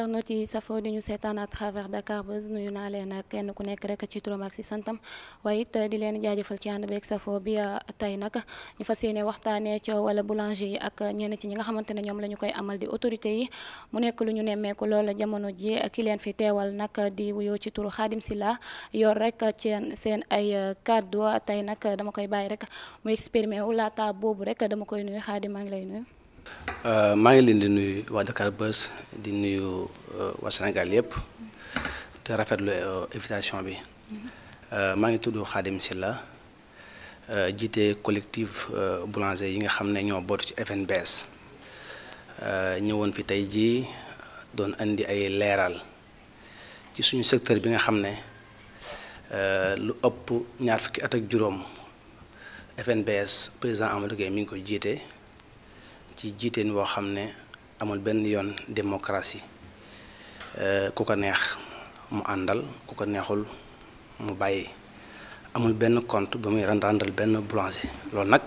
internet yi safoo di ñu seetaan à travers Dakar Buzz nuyu naa leen kenn ku nekk rek ci turam ak si santam waaye it di leen jaajëfal ci ànd beeg safoo bi ah, tey nag ñu fa yéene waxtaanee ca wala boulanger yi ak ñenn ci ñi nga xamante ne ñoom la ñu koy amal di autorité yi mu nekk lu ñu nemmeeku lool jamono ji ki leen fi teewal nag di wuyoo ci turu Khadim Silla yoor rek seen seen ay ah, kàddu tey nag dama koy bàyyi rek mu exprimé wu laata boobu rek dama koy nuyu Khadim maa ngi lay Euh, maa ngi leen di nuyu waa Dakar Buzz di nuyu euh, waa Sénégal yëpp te rafetlu évitation euh, bi maa ngi tudd Khadim Silla jiite collectif boulanger yi nga xam ne ñoo bootu ci FNBS ñëwoon fi tey ji doon indi ay leeral ci suñu secteur bi nga xam ne lu ëpp ñaar fukki at ak juróom FNBS président Amadou Gueye mi ngi ko jiite. ci jiiteen woo xam ne amul benn yoon démocratie euh, ku ko neex mu àndal ku ko neexul mu bàyyi amul benn compte ba muy rendal benn boulanger loolu nag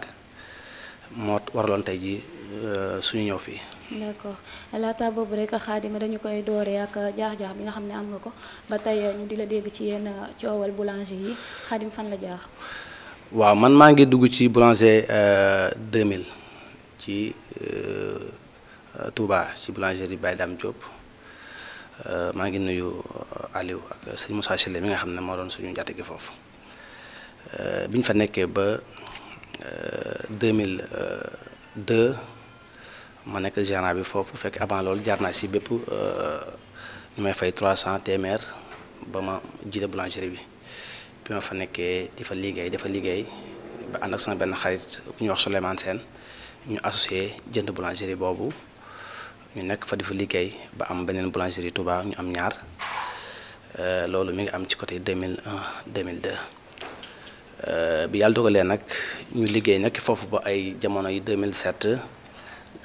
moo waraloon tey ji euh, suñu ñëw fii d' accord laata boobu rek xaadima dañu koy dooree ak jaax-jaax bi nga xam ne am nga ko ba tey di la dégg ci yenn coowal boulanger yi xaadim fan la jaax waaw man maa ngi dugg ci boulanger 2000 euh, ci euh, Touba ci boulangerie Baye Dame Diop euh, maa ngi nuyu euh, Aliou ak sëñ Moussa mi nga xam ne moo doon suñu njàtt gi foofu bi ñu fa nekkee ba 2002 ma nekk gérant bi foofu fekk avant loolu jaar naa si bépp ñu may fay 300 téeméer ba ma jiite boulangerie bi bi ma fa nekkee di fa liggéey dafa liggéey ba ànd ak sama benn xarit bu ñuy wax Souleymane Sène ñu associé jënd boulangerie boobu ñu nekk fa di liggéey ba am beneen boulangerie Touba ñu am ñaar euh, loolu mi ngi am ci côté 2001 2002 euh, bi yàlla dogalee nag ñu liggéey nag foofu ba ay jamono yi 2007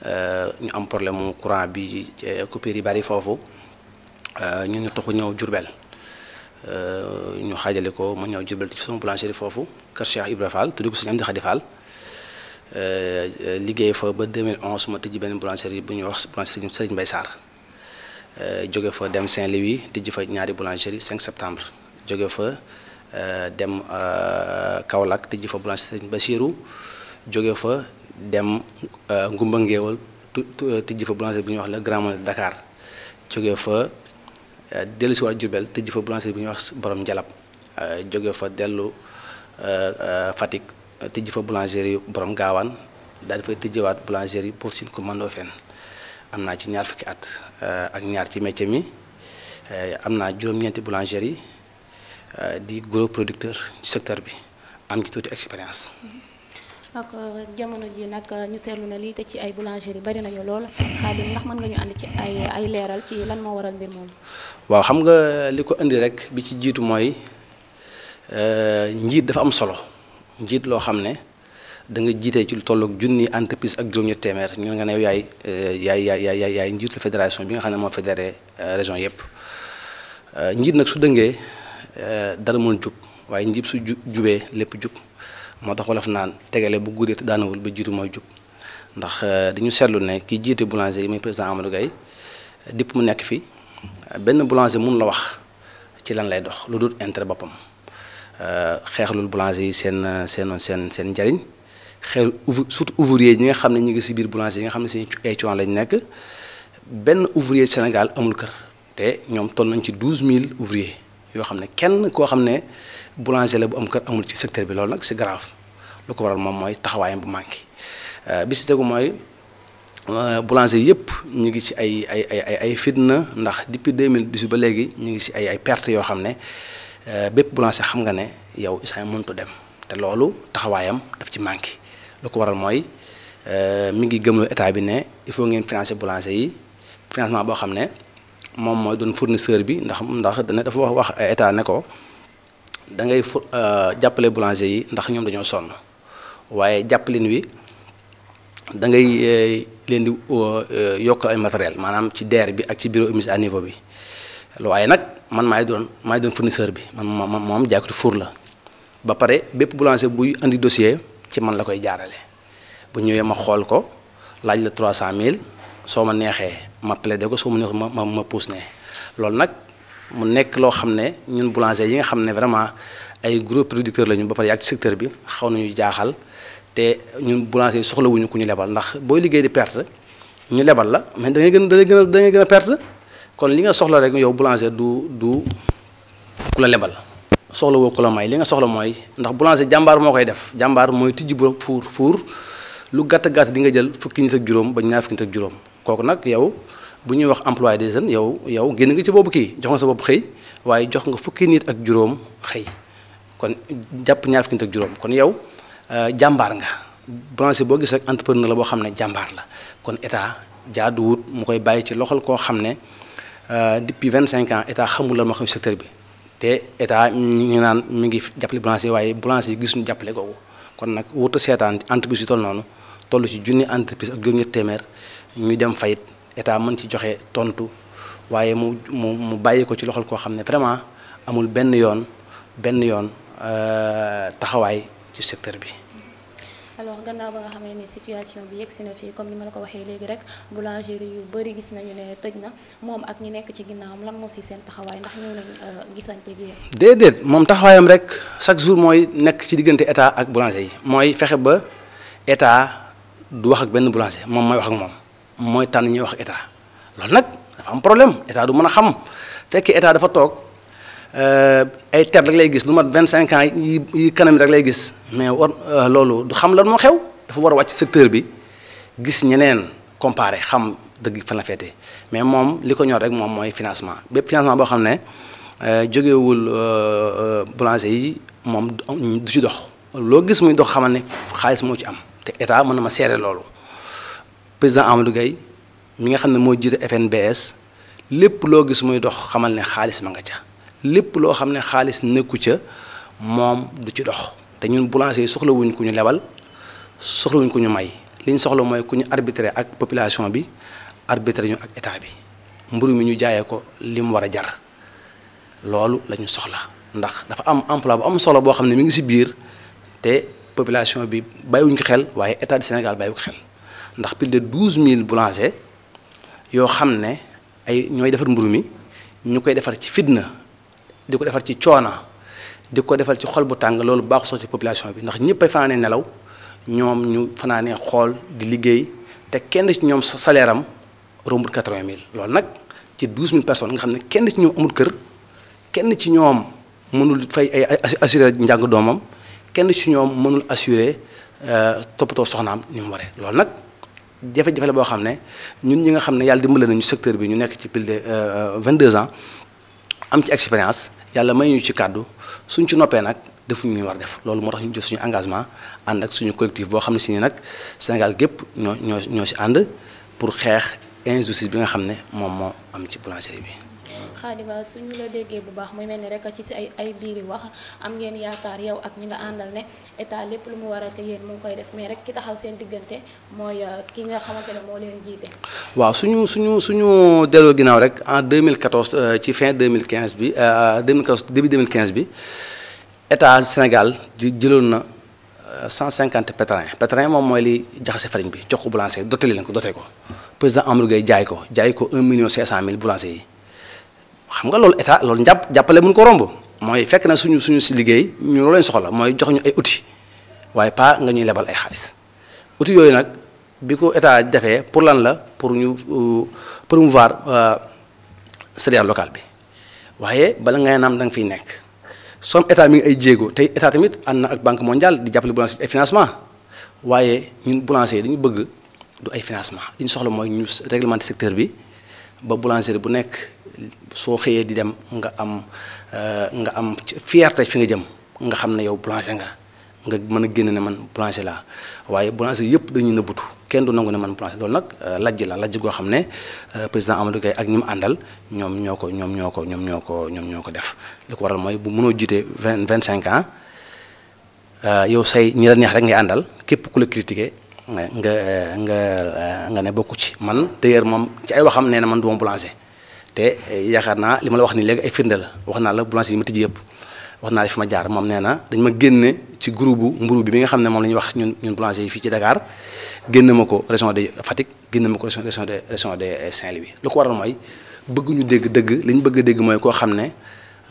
euh, ñu am problème mu courant bi coupure yi bari foofu ñu ñu taxu ñëw Jurbel ñu xaajale ko ma ñëw Jurbel ci sama boulangerie foofu kër Cheikh Ibra Fall tudd ko Sëñ Amdi Xadi Fall Euh, liggéey fa ba 2011 ma tijji benn boulangerie bu ñuy wax boulangerie Serigne Mbaye Sarr euh, jóge fa dem Saint-Louis tijji fa ñaari boulangerie 5 septembre jóge fa euh, dem Kaolack tijji fa boulangerie Serigne Bassirou jóge fa dem Ngumba Ngéewal tijji fa boulangerie bu ñuy wax la Grand Mall Dakar jóge fa dellu si waat Diourbel tijji fa boulangerie bu ñuy wax Borom Njalab jóge fa dellu Fatick tijji fa boulangerie borom gaawaan daal di fay tijjiwaat yi pour sin ko mën mandoo fen am naa ci ñaar fukki at eh, ak ñaar ci métier mi eh, am naa juróom-ñeenti boulangerie eh, di gros producteur ci secteur bi am ci tuuti expérience. Mm-hmm. ak euh, jamono ji nag euh, ñu seetlu na lii te ci ay boulangerie bari nañu lool Xaadim ndax mën nga ñu ànd ci ay ay leeral ci lan moo waral mbir moom waaw xam nga li ko indi rek bi ci jiitu mooy njiit dafa am solo. njiit loo xam ne danga jiite ci lu tolloog junni entreprise ak juróom-ñetti téeméer ñu nga new euh, yaay yaay yaay yaay yaay njiitu fédération bi nga xam ne moo fédéré euh, région yëpp euh, njiit nag su dëngee dara mën jub waaye njiit su ju jubee lépp jub moo tax wolof naan tegale bu guddee te daanawul ba jiitu mooy jub ndax dañu seetlu ne ki jiite boulanger yi muy président Amadou dipp mu nekk fi benn boulanger mun la wax ci lan lay dox lu dul intere boppam Euh, xeexlul boulanger yi seen euh, seen seen seen njariñ xeexlu ouv ouvrier ñi nga xam ne ñu ngi si biir boulanger yi nga xam ne seen ay coon lañ nekk benn ouvrier Sénégal amul kër te ñoom toll nañ ci douze mille ouvrier yoo xam ne kenn koo xam ne boulanger la bu am kër amul ci secteur bi loolu nag c'est grave lu ko waral moom mooy taxawaayam bu manqué euh, bi si tegu mooy boulanger yëpp ñu ngi ci ay ay ay ay fitna ndax depuis deux mille dix ba léegi ñu ngi si ay ay perte yoo xam ne. Euh, bépp boulanger xam nga ne yow Isaan mëntu dem te loolu taxawaayam daf ci manqué lu ko waral mooy euh, mi ngi gëmloo état bi ne il faut ngeen financer boulanger yi financement boo xam ne moom mooy doon fournisseur bi ndax ndax dafa wax wax état ne ko da ngay fu euh, jàppale boulanger yi ndax ñoom dañoo sonn waaye jàppaleen wi da ngay leen di yokk ay matériel maanaam ci DER bi ak ci bureau émis à niveau bi waaye nag. man maay doon maay doon fournisseur bi man moom moom jaaykatu fuur la ba pare bépp boulanger buy indi dossier ci man la koy jaarale bu ñëwee ma xool ko laaj la trois cent mille soo ma neexee ma plaidé ko soo ma neexee ma ma pousse ne loolu nag mu nekk loo xam ne ñun boulanger yi nga xam ne vraiment ay gros producteurs lañu ba pare yàgg ci secteur bi xaw nañu jaaxal te ñun boulanger soxlawuñu ku ñu lebal ndax booy liggéey di perte ñu lebal la mais da kon li nga soxla rek yow boulanger du du ku la lebal soxla woo ku la may li nga soxla mooy ndax boulanger jàmbaar moo koy def jàmbaar mooy tijji bu fuur fuur lu gàtt gàtt di nga jël fukki nit ak juróom ba ñaar fukki nit ak juróom kooku nag yow bu ñuy wax des jeunes yow yow génn nga ci boobu kii jox sa bopp xëy waaye jox nga fukki nit ak juróom xëy kon jàpp ñaar fukki nit ak juróom kon yow euh, jàmbaar nga boulanger boo gis rek entrepreneur la boo xam ne jàmbaar la kon état jaaduwut mu koy bàyyi ci loxol koo xam ne. Euh, depuis vingt cinq ans état xamul lan moo xam secteur bi te état ñu ngi naan mi ngi jàppale boulanger waaye boulanger yi gisuñu jàppale googu kon nag wut seetaan entreprise yu toll noonu tollu ci junni entreprise ak juróom-ñetti téeméer ñu dem fayit état mën ci joxe tontu waaye mu mu mu bàyyi ko ci loxol koo xam ne vraiment amul benn yoon benn yoon euh, taxawaay ci secteur bi. alors gannaaw ba nga xamee ni situation bi yegg si na fii comme ni ma la ko waxee léegi rek boulangerie yu bëri gis nañu ne tëj na moom ak ñu nekk ci ginnaaw ginnaawam lan moo si seen taxawaay ndax ñëw nañ euh, gisante bi déedéet moom taxawaayam rek chaque jour mooy nekk ci diggante état ak boulanger yi mooy fexe ba état du wax ak benn boulanger moom mooy wax ak moom mooy tànn ñuy wax état loolu nag dafa am problème état du mën a xam fekk état dafa toog. Euh, ay ter rek lay gis lu mat vingt cinq ans yi yi kanam rek lay gis mais war euh, loolu du xam lan moo xew dafa war a wàcc secteur bi gis ñeneen comparé xam dëgg fan la féetee mais moom li ko ñor rek moom mooy financement bépp financement boo xam ne euh, jógewul boulanger yi moom du ci dox loo gis muy dox xamal ne xaalis moo ci am te état mën na ma seere loolu président Amadou mi nga xam ne moo jiite FNBS lépp loo gis muy dox xamal ne xaalis ma nga ca lépp loo xam ne xaalis nekku ca moom du ci dox te ñun boulanger yi soxlawuñ ku ñu lebal soxlawuñ ku ñu may li soxla mooy ku ñu arbitré ak population bi arbitré ak état bi mburu mi ñu jaaye ko li mu war a jar loolu la soxla ndax dafa am emploi bu am solo boo xam ne mi ngi si biir te population bi bàyyiwuñ ko xel waaye état du Sénégal bàyyiwu ko xel ndax plus de douze mille boulanger yoo xam ne ay ñooy defar mburu mi ñu koy defar ci fitna. di ko defal ci coona di ko defal ci xol bu tàng loolu baax soo ci population bi ndax ñëpp ay fanaanee nelaw ñoom ñu fanaanee xool di liggéey te kenn ci ñoom salaire am rombul quatre mille loolu nag ci douze mille personnes nga xam ne kenn ci ñoom amul kër kenn ci ñoom mënul fay ay assuré njàng doomam kenn ci ñoom mënul assuré euh, toppatoo soxnaam ni mu waree loolu nag jafe boo xam ne ñun ñi nga xam ne yàlla dimbali nañu secteur bi ñu nekk ci plus de euh, euh, vingt-deux ans am ci expérience yàlla may ñu ci kàddu suñ ci noppee nag defuñu ñuy war def loolu moo tax ñu jël suñu engagement ànd ak suñu collectif boo xam ne si ni nag Sénégal gépp ñoo ñoo ñoo si ànd pour xeex injustice bi nga xam ne moom moo am ci boulangerie bi xaadima suñu la déggee bu baax muy mel ni rek ci si ay ay biiri wax am ngeen yaakaar yow ak ñi nga àndal ne état lépp lu mu war a yéen mu ngi koy def mais rek ki taxaw seen diggante mooy euh, ki nga xamante ne moo leen jiite. waaw suñu suñu suñu delloo ginnaaw rek en mille 2014 euh, ci fin 2015 bi 2014 euh, début 2015 bi état Sénégal jëloon na. 150 pétrin pétrin moom mooy li jaxase farine bi jox ko boulanger dotali leen ko dotee ko président Amadou jaay ko jaay ko 1 million 500 mille yi xam nga loolu état loolu njàpp jàppale mun ko romb mooy fekk na suñu suñu si liggéey ñu loolu lañ soxla mooy jox ñu ay outils waaye pas nga ñuy lebal ay xaalis outils yooyu nag bi ko état defee pour lan la pour ñu euh, promouvoir euh, céréale locale bi waaye bala ngay naam da fiy nekk som état mi ay jéego tey état tamit ànd na ak banque mondiale di jàppale boulanger ay financement waaye ñun boulanger dañu bëgg du ay financement li ñu soxla mooy ñu réglementer secteur bi ba boulanger bu nekk soo xëyee di dem nga am euh, nga am fierté fi nga jëm nga xam ne yow boulanger nga nga mën a génn ne man boulanger laa waaye boulanger yëpp dañuy nëbbutu kenn du nangu ne man boulanger loolu nag euh, lajj la lajj goo xam ne euh, président Amadou Gaye ak ñi mu àndal ñoom ñoo ko ñoom ñoo ko ñoom ñoo ko ñoom ñoo ko def li ko waral mooy bu mënoo jiite vingt vingt cinq ans yow say ñi la neex rek ngay àndal képp ku la critiqué nga nga nga ne bokku ci man d'ailleurs moom ci ay waxam nee na man du ma te eh, yaakaar naa li ma la wax nii léegi ay firnde la wax naa la boulangerie yi ma tijji yëpp wax naa la fi ma jaar moom nee na dañ ma génne ci groupe bu mburu bi bi nga xam ne moom la ñuy wax ñun ñun boulanger yi fii ci Dakar génne ma ko région de Fatick génne ma ko région de région de eh, Saint-Louis lu ko waral mooy bëgguñu dégg dëgg li ñu bëgg a dégg mooy koo xam ne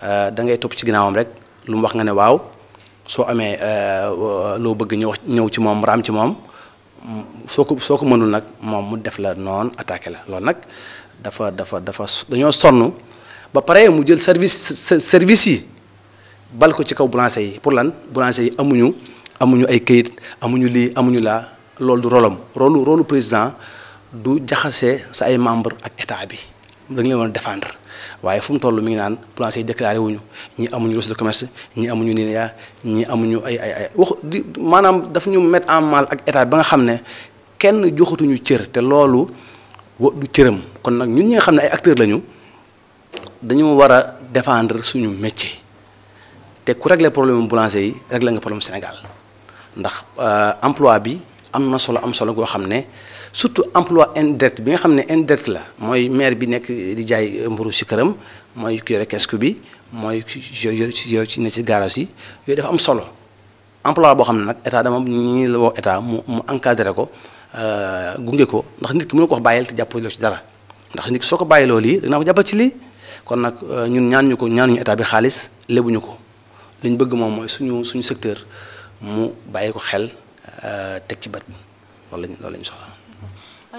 euh, da ngay topp ci ginnaawam rek lu mu wax nga ne waaw soo amee euh, loo bëgg ñëw ñëw ci moom raam ci moom mm, soo ko soo ko mënul nag moom mu def la noonu attaqué la loolu dafa dafa dafa dañoo sonn ba pare mu jël service service yi bal ko ci kaw boulanger yi pour lan boulanger yi amuñu amuñu ay këyit amuñu lii amuñu laa loolu du rolam rolu rolu président du jaxase sa ay membre ak état bi da nga leen woon défendre waaye fu mu toll mi ngi naan boulanger yi déclaré wuñu ñi amuñu registre de commerce ñi amuñu nii yaa ñi amuñu ay ay ay wax di maanaam daf ñu mettre en mal ak état bi ba nga xam ne kenn joxatuñu cër te loolu wa du cëram kon nag ñu ñi nga xam ne ay acteurs lañu dañu war a défendre suñu métier te ku régler problème boulanger yi régler nga problème Sénégal ndax euh, emploi bi am na solo am solo goo xam ne surtout emploi indirect bi nga xam ne indirect la mooy maire bi nekk di jaay mburu si këram mooy ku yore kesku bi mooy yooyu yooyu ci ne ci garage yi yooyu dafa am solo emploi boo xam ne nag état dama ñu la woo état mu mu encadré ko. Euh, gunge ko ndax nit ki mënu ko wax bàyyil te jàppaloo ci dara ndax nit ki soo ko bàyyiloo lii da naa ko jàppal ci lii kon nag euh, ñun ñaan ñu ko ñaanuñu état bi xaalis lebuñu ko li bëgg moom mooy suñu suñu secteur mu bàyyi ko xel euh, teg ci bat loolu lañu loolu lañu soxla.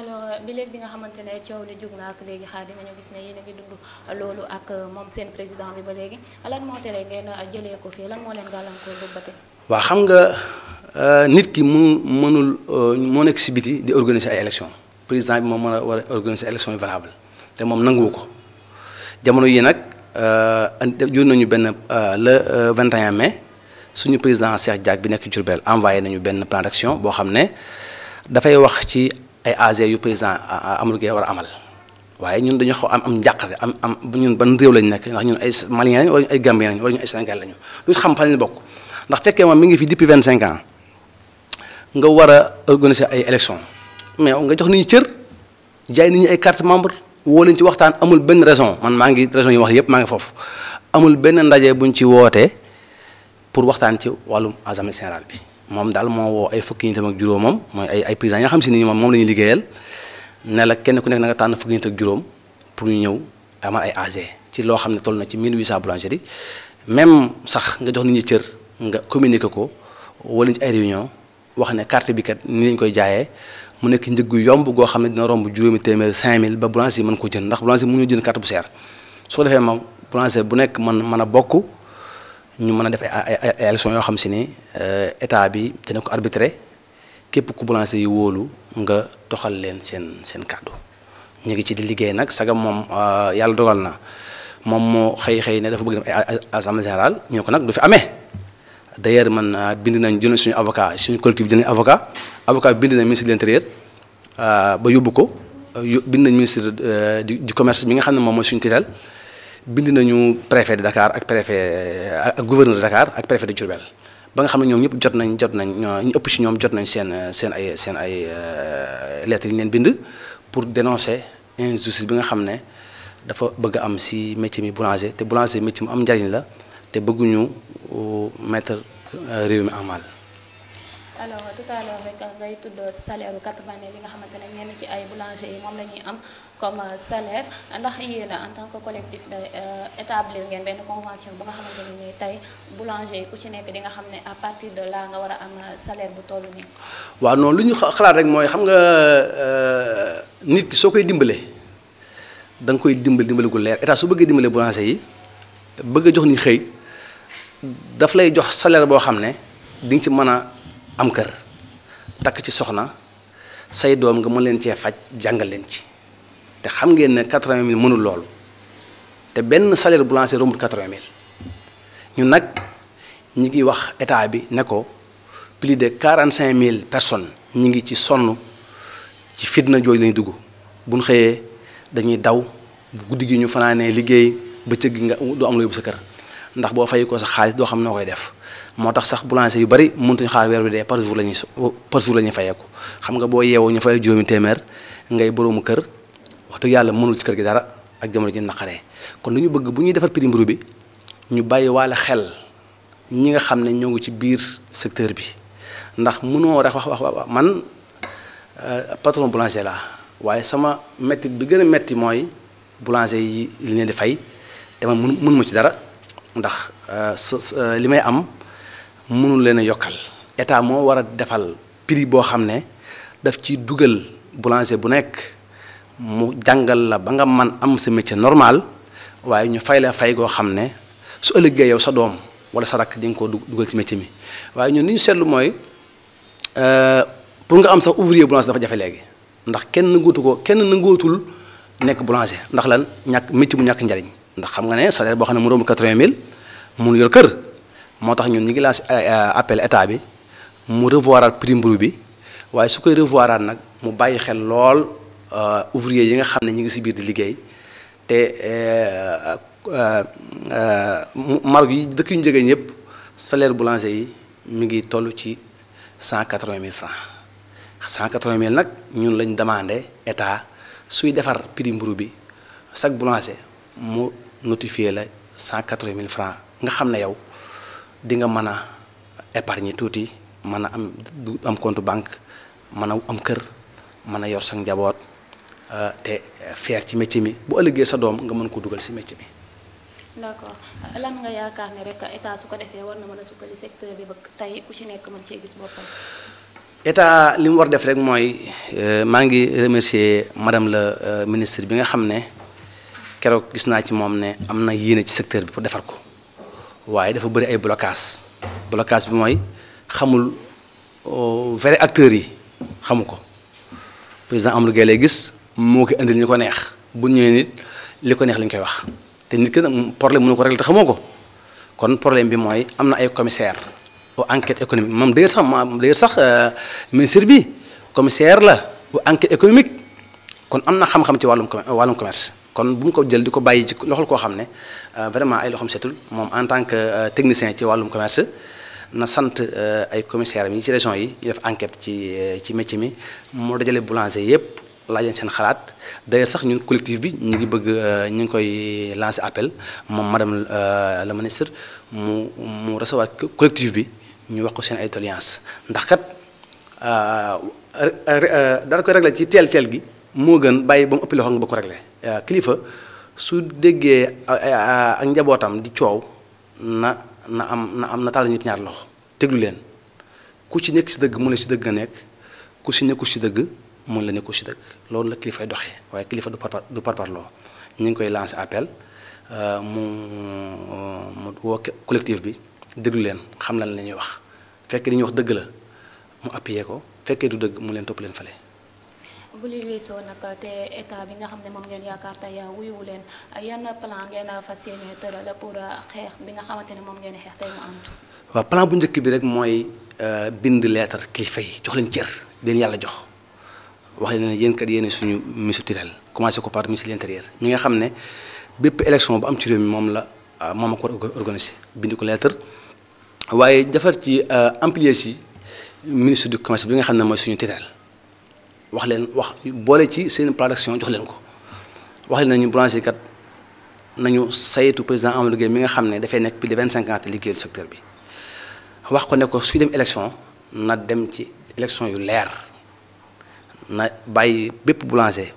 alors bi léegi bi nga xamante ne coow li jug na ak léegi xaadim ñu gis ne yéen a ngi dund loolu ak moom seen président bi ba léegi lan moo tere ngeen jëlee ko fii lan moo leen gàllankoor ba waa xam nga euh, nit ki mu mënul euh, moo nekk si biti di organiser ay élection président bi moom mën a war a organiser élection yu valable te moom nanguwu ko jamono yi nag euh, jur nañu benn le 21 mai suñu président Cheikh Diack bi nekk Diourbel envoyé nañu benn plan boo xam ne dafay wax ci ay AG yu président Amadou Gueye war a amal waaye ñun dañu xaw am am njàqare am am ñun ban réew lañ nekk ndax ñun ay Maliens lañ wala ay Gambiens lañ wala ñu ay Sénégal lañu duñ xam fan bokk ndax fekkee moom mi ngi fi depuis vingt cinq ans nga war a organiser ay élections mais nga jox nit ñi cër jaay nit ñi ay quarte membre woo leen ci waxtaan amul benn raison man maa ngi raison yi wax yëpp maa ngi foofu amul benn ndaje buñ ci woote pour waxtaan ci wàllum assemblée générale bi moom daal moo woo ay fukki nit ak juróom moom mooy ay ay présidents yoo xam si ni moom moom la ñuy liggéeyal ne la kenn ku nekk na nga tànn fukki nit ak juróom pour ñu ñëw amal ay AG ci loo xam ne toll na ci 1800 boulangeries même sax nga jox nit cër. nga communiquer ko wala ci ay réunion wax ne carte bi kat ni lañ koy jaayee mu nekk njëg yomb goo xam ne dina romb juróomi téeméer mille ba boulanger yi mën ko jënd ndax boulanger mu ñu jënd carte bu soo defee moom boulanger bu nekk man mën a bokk ñu mën a def ay ay élection yoo xam si ni euh, état bi dina ko arbitré képp ku boulanger yi wóolu nga doxal leen seen seen kàddu ñu ngi ci di liggéey nag saga moom euh, yàlla dogal na moom moo xëy xëy ne dafa bëgg dem ay assemblée générale ñu ko nag du fi amee d'ailleurs man euh, bind nañ jënd suñu avocat suñu di jënd avocat avocat bind nañ ministre de l'intérieur euh, ba yóbbu ko euh, bind nañ ministre du commerce mi nga xam ne moom mooy suñu titel bind nañu préfet de Dakar ak préfet ak gouverneur de ak préfet de Diourbel xam ne ñoom ñëpp jot nañ jot nañ ñu ëpp ci ñoom jot nañ seen seen ay seen ay lettres yi ñu leen bind pour dénoncer injustice bi nga xam ne dafa bëgg am ci métier mi boulanger te boulanger métier mu am njariñ la. te bëgguñu euh, mettre euh, réew mi en mal. alors rek ngay tudd salaire bu 80 bi nga xamante ne ñenn ci ay boulanger yi moom la am comme salaire ndax yéen en tant que collectif de euh, ne di nga xam ne à partir war a am salaire lu ñu rek mooy xam nga nit soo koy dimbale da nga koy dimbal dimbali gu leer état su bëggee dimbale boulanger yi bëgg jox ni xëy. daf lay jox salaire boo xam ne di nga ci mën a am kër takk ci soxna say doom nga mën leen cee faj jàngal leen ci te xam ngeen ne quatre mille mënul loolu te benn salaire boulanger rombul quatre-vingt mille ñun nag ñi ngi wax état bi ne ko plus de quarante-cinq mille personnes ñi ngi ci sonn ci fitna jooju lañu dugg bu ñu xëyee dañuy daw guddi gi ñu fanaanee liggéey bëccëg gi nga du am la yóbbu sa kër ndax boo fay ko sax xaalis doo xam noo koy def moo tax sax boulanger yu bari mëntuñu xaar weer bi dee par jour la ñuy par xam nga boo yeewoo ñu fay juróomi téeméer ngay boroomu kër wax dëgg yàlla mënul ci kër gi dara ak jamono ji naqaree kon lu ñu bëgg bu ñuy defar prix mburu bi ñu bàyyi waale xel ñi nga xam ne ñoo ngi ci biir secteur bi ndax mënoo rek wax wax wax man euh, patron boulanger la waaye sama métti bi gën a métti mooy boulanger yi li leen di fay ndax euh, euh, li may am mënul leen a yokkal état moo war a defal prix boo xam ne daf ci dugal boulanger bu nekk mu jàngal la ba nga man am sa métier normal waaye ñu fay la fay goo xam ne su ëllëgee yow sa doom wala sa rakk di nga ko dugal ci métier mi waaye ñun ni ñu seetlu mooy euh, pour nga am sa ouvrier boulanger dafa jafe léegi ndax kenn nangootu ko kenn nangootul nekk boulanger ndax lan ñàkk métier bu ñàkk njariñ ndax xam nga ne salaire boo xam ne mu romb 80000 mun yor kër moo tax ñun ñu ngi lancé euh, euh, appel état bi mu revoiral prix mburu bi waaye su koy revoirat nag mu bàyyi xel lool euh, ouvrier yi nga xam ne ñu ngi si biir di liggéey te margo yi dëkk yu ñu jógee ñëpp salaire boulanger yi mi ngi toll ci cent 180000 francs 180000 nag ñun lañ demandé état suy defar prix mburu bi chaque boulanger mu notifié la cent quatre mille francs nga xam ne yow di nga mën a épargne tuuti mën a am du am compte banque mën a am kër mën a yor sa njaboot euh, te feer ci métier mi bu ëllëgee sa doom nga mën ko dugal si métier mi. lan nga yaakaar ne rek état su ko defee war na mën a sukkali secteur bi ba tey ku ci nekk mën cee gis boppam. état li mu war def rek mooy euh, maa ngi remercier madame la euh, ministre bi nga xam ne. keroog gis naa ci moom ne am na yéene ci secteur bi pour defar ko waaye dafa bëri ay blocage blocage bi mooy xamul euh, vrai acteurs yi xamu ko président Amadou Gueye lay gis moo indi indil ñu ko neex bu ñëwee nit li ko neex lañ koy wax te nit ki nag problème mënu ko régler te xamoo ko kon problème bi mooy am na ay commissaire au enquête économique moom d'ailleurs sax moom d'ailleurs sax euh, ministre bi commissaire la au enquête économique kon am na xam-xam ci wàllum wàllum commerce kon bu mu ko jël di ko bàyyi ci loxol koo xam ne euh, vraiment ay loxoom seetul moom en tant que euh, technicien ci wàllum commerce na sant euh, ay commissaires yi ci région yi ñu def enquête ci ci métier mi moo dajale boulanger yépp laaj seen xalaat d'ailleurs sax ñu collectif bi ñu ngi bëgg ñu ngi koy lancer appel moom madame la ministre mu mu recevoir collectif bi ñu wax ko seen ay doléances ndax kat dara koy régler ci teel teel gi moo gën bàyyi ba mu ëpp loxo nga ba Euh, kilifa su déggee euh, euh, ak njabootam di coow na na am na am na tàll ñëpp ñaar loxo déglu leen ku ci nekk ci dëgg mu ne si dëgg a nekk ku ci nekku ci dëgg mun la nekku ci dëgg loolu la kilifay doxee waaye kilifa du par du parparloo ñu ngi koy lancé appel mu mu woo collectif bi déglu leen xam lan la ñuy wax fekkee li ñuy wax dëgg la mu appuyé ko fekkee du dëgg mu leen topp leen fale bu li weesoo nag te état bi nga xam ne moom ngeen yaakaar tey wuyuwu leen yan plan ngeen fas yéene tëral pour xeex bi nga xamante ne moom ngeen xeex tey mu bu njëkk bi rek mooy euh, bind leetar kilifa yi jox leen cër leen yàlla jox wax leen ne yéen kat yéene suñu ministre commencé ko par ministre de mi nga xam ne bépp élection bu am ci moom la euh, moom a ko bind ko leetar waaye defar ci amplier euh, si ministre du commerce bi nga xam ne mooy suñu tutelle wax leen wax boole ci seen production jox leen ko wax nañu branché kat nañu saytu président Amadou Gueye mi nga xam ne dafay nekk plus de vingt cinq ans te liggéeyul secteur bi wax ko ne ko suy dem élection na dem ci élection yu leer na bàyyi bépp boulanger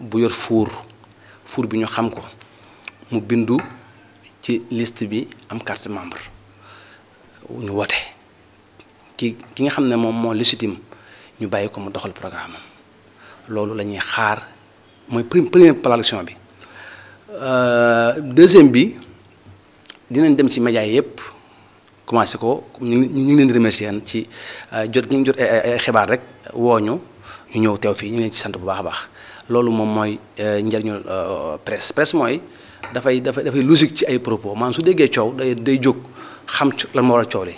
bu yor fuur fuur bi ñu xam ko mu bindu ci list bi am carte membre ñu woote ki ki nga xam ne moom moo légitime ñu bàyyi ko mu doxal programme loolu la ñuy xaar mooy première production bi euh, deuxième bi dinañ dem ci médias yëpp commencé ko ñu ngi ñu ngi leen ci euh, jot ñu jot ay xibaar rek woo ñu ñu ñëw teew fii ñu leen ci sant bu baax a baax loolu moom mooy euh, njariñu presse presse mooy dafay dafay dafay logique ci ay propos maanaam su déggee coow day day jóg xam lan moo war coow li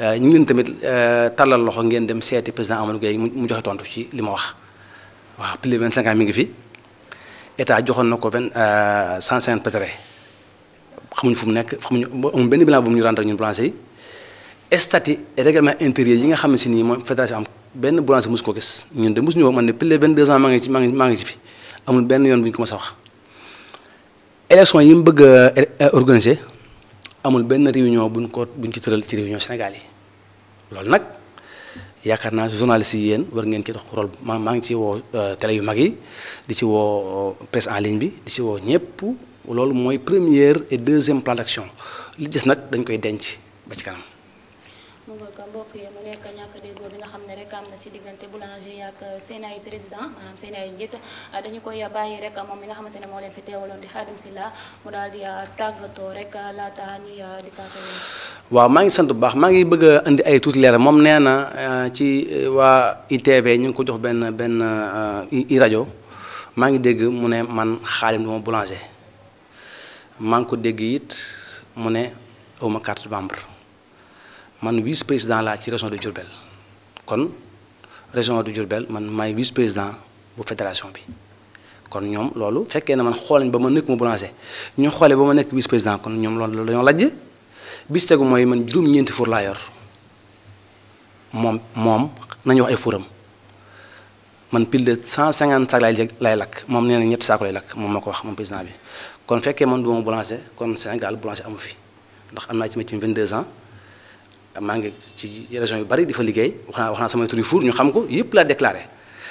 ñu ngi leen tamit euh, tàllal loxo ngeen dem seeti président Amadou Gueye mu joxe tontu ci li ma wax waaw plus de mi ngi fi état joxoon na ko vingt euh, cent cinquante pétrés xamuñ fu mu nekk xamuñu amul benn bilan bu ñu rendre ñun boulanger yi statut règlement intérieur yi nga xam ne si nii moom fédération am benn boulanger mosu ko gis ñun de mosuñu wax man ne plus de 22 ans maa ngi ci maa ngi fi amul benn yoon bu ñu ko mos wax élection yi mu bëgg a euh, organiser. amul benn réunion buñ ko buñ ci tëral ci réunion Sénégal yi loolu nag yaakaar naa journaliste yi yéen war ngeen ci dox rôle maa maa ngi ci woo euh, télé yu mag yi di ci woo euh, presse en ligne bi di ci woo ñëpp loolu mooy première et deuxième plan li gis nag dañ koy denc ba ci kanam. ci diggante boulangerie ak euh, Sénay président maanaam Sénay njiit dañu koy bàyyi rek moom mi nga xamante ne moo leen fi teewaloon di Xaadim Silla mu daal di euh, tàggatoo rek euh, laata ñuy dikkaat waaw maa ngi sant bu baax maa ngi bëgg indi ay tuuti leer moom nee na ci waa ITV ñu ngi ko jox benn benn i rajo maa ngi dégg mu ne man Xaadim duma boulanger maa ngi ko dégg it mu ne awma carte membre man vice président laa ci région de Diourbel kon région de Diourbel man maay vice président bu fédération bi kon ñoom loolu fekkee na man xool ba ma nekk mu boulanger ñu xoolee ba ma nekk vice président kon ñoom loolu dañoo lajj bis tegu mooy man juróom-ñeenti fur laa yor moom moom nañu wax ay furam man pile de 150 sacs lay lay lakk moom nee na ñetti saako lay lakk moom moo ko wax moom président bi kon fekkee man du ma boulanger kon Sénégal boulanger amu fi ndax am naa ci métier 22 maa ngi ci région yu bari di fa liggéey wax naa wax naa sama tur yu fuur ñu xam ko yëpp laa déclaré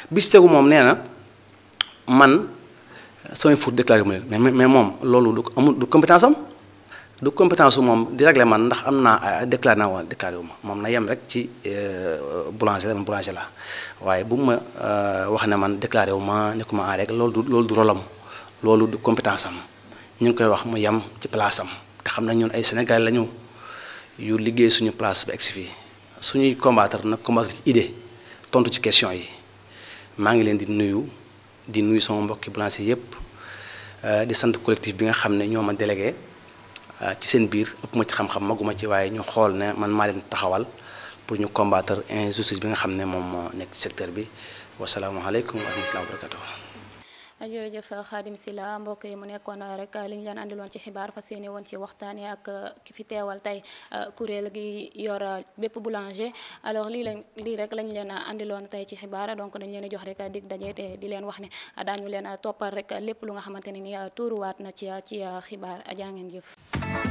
bi ci tegu moom nee na man samay fuur déclaré ma leen mais mais moom loolu du amul du compétence am du compétence su moom di régler man ndax am naa euh, déclaré naa wala déclaré wu ma moom na yem rek ci euh, boulanger la man boulanger la waaye bu ma euh, wax ne man déclaré wu ma nekkuma en règle loolu du loolu du rolam loolu du compétence am ñu ngi koy wax mu yem ci place am te xam na ñun ay Sénégal la ñu yu liggéey suñu place ba egsi fii suñuy combattre nag combattre ci idée tontu ci question yi maa ngi leen di nuyu di nuyu sama mbokki boulanger yépp euh, di sant collectif bi nga xam ne ñoo ma délégué euh, ci seen biir ëpp ma ci xam-xam maguma ci waaye ñu xool ne man maa leen taxawal pour ñu combattre injustice bi nga xam ne moom moo nekk ci secteur bi wasalaamaaleykum wa rahmatulah wa a jërëjëf Xaadim Sila mbokk yi mu nekkoon rek li ñu leen andiloon ci xibaar fas yéene woon ci waxtaanee ak ki fi teewal tey kuréel gi yor bépp boulanger alors lii lañ lii rek lañ leen a andiloon tey ci xibaar donc dañ leen jox rek dig daje te di leen wax ne daañu leen toppal rek lépp lu nga xamante ne ni tuuruwaat na ci ci xibaar jaa ngeen jëf